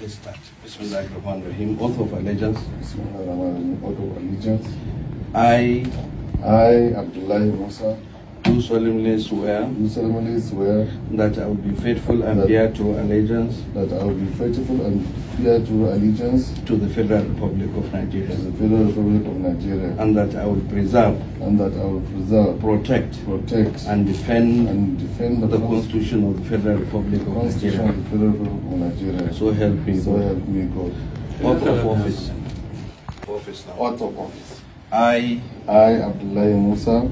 Let's start. Bismillahirrahmanirrahim. Oath of allegiance. Bismillahirrahmanirrahim. Oath of allegiance. I. I, Abdullah Musa do solemnly swear. Do solemnly swear. That I will be faithful and bear true allegiance. That I will be faithful and bear true allegiance. To the Federal Republic of Nigeria. To the Federal Republic of Nigeria. And that I will preserve. And that I will preserve. Protect. Protect. And defend. And defend the, the Constitution of the Federal Republic of Nigeria. Of the Federal Republic of Nigeria. So help me so God. help me God. Oath of office. Office now. Oath of office. I, I, Abdullahi Musa,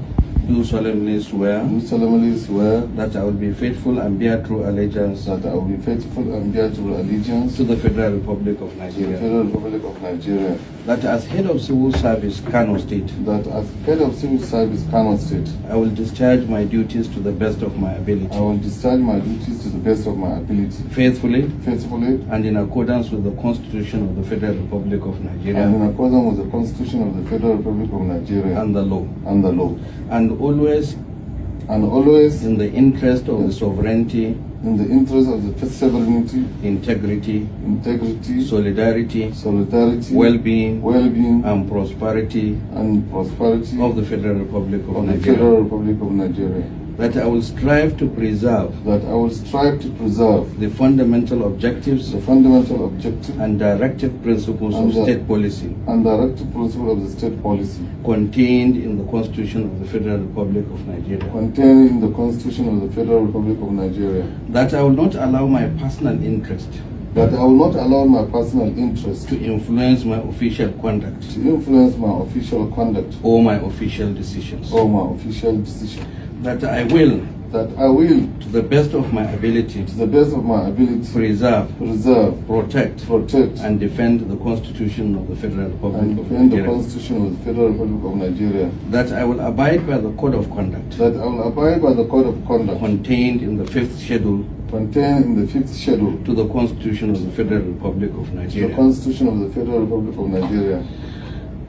do solemnly swear. Do solemnly swear. That I will be faithful and bear true allegiance. That I will be faithful and bear true allegiance. To the Federal Republic of Nigeria. Federal Republic of Nigeria. That as head of civil service, Kano State. That as head of civil service, Kano State. I will discharge my duties to the best of my ability. I will discharge my duties to the best of my ability. Faithfully. Faithfully. And in accordance with the Constitution of the Federal Republic of Nigeria. And in accordance with the Constitution of the Federal Republic of Nigeria. And the law. And the law. And always and always in the interest of the sovereignty in the interest of the sovereignty, integrity, integrity, solidarity, solidarity, well-being, well-being, and prosperity, and prosperity of the Federal Republic of, of Nigeria. The Federal Republic of Nigeria. That I will strive to preserve. That I will strive to preserve. The fundamental objectives. The fundamental objectives. And directive principles and of state policy. And directive principles of the state policy. Contained in the Constitution of the Federal Republic of Nigeria. Contained in the Constitution of the Federal Republic of Nigeria. That I will not allow my personal interest. That I will not allow my personal interest to influence my official conduct. To influence my official conduct. Or my official decisions. Or my official decisions that I will. That I will. To the best of my ability. To the best of my ability. Preserve. Preserve. Protect. Protect. And defend the Constitution of the Federal Republic and defend of Nigeria. the Constitution of the Federal Republic of Nigeria. That I will abide by the Code of Conduct. That I will abide by the Code of Conduct. Contained in the Fifth Schedule. Contained in the Fifth Schedule. To the Constitution of the Federal Republic of Nigeria. To the Constitution of the Federal Republic of Nigeria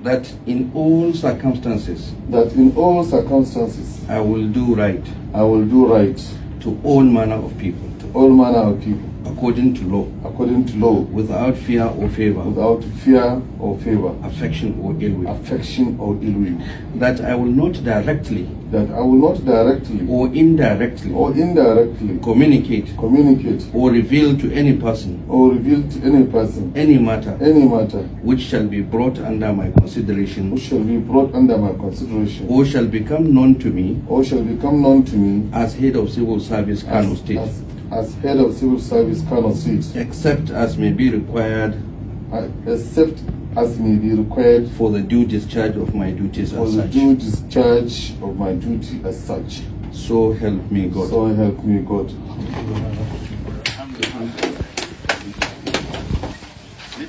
that in all circumstances that in all circumstances I will do right I will do right to all manner of people to all manner of people according to law according to law without fear or favor without fear or favor affection or ill will affection or ill will that i will not directly that i will not directly or indirectly or indirectly communicate communicate or reveal to any person or reveal to any person any matter any matter which shall be brought under my consideration which shall be brought under my consideration or shall become known to me or shall become known to me as head of civil service Kano State as as head of civil service colonel seat except as may be required except as may be required for the due discharge of my duties for as the such. due discharge of my duty as such so help me god so help me god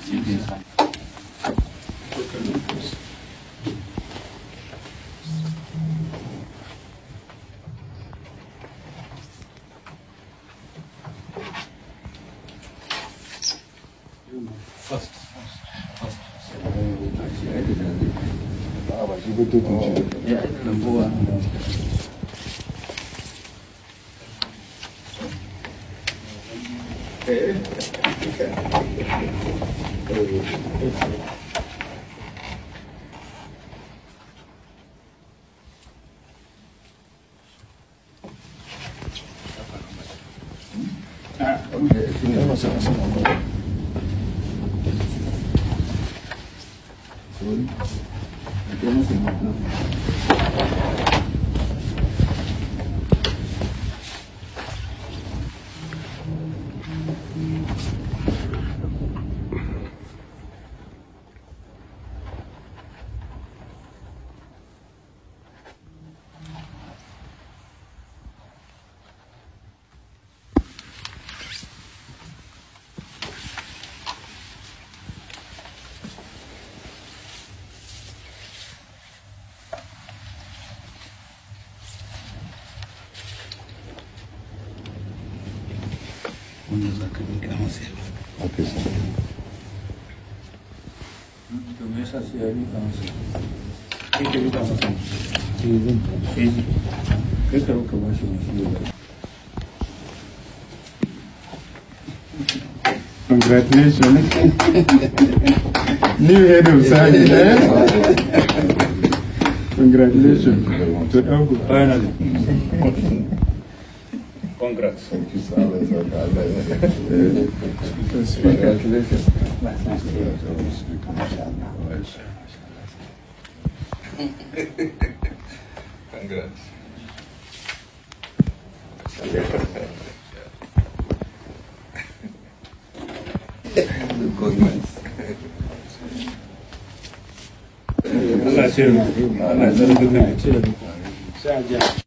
Thank you. You go do teacher. Yeah, I'm poor. Okay. Okay. Thank you. Gracias. Okay, Congratulations. New head of science, Eh? Congratulations. Finally. Congrats. Thank you so much. Congratulations. Congrats. Congrats. Ana, cheiro.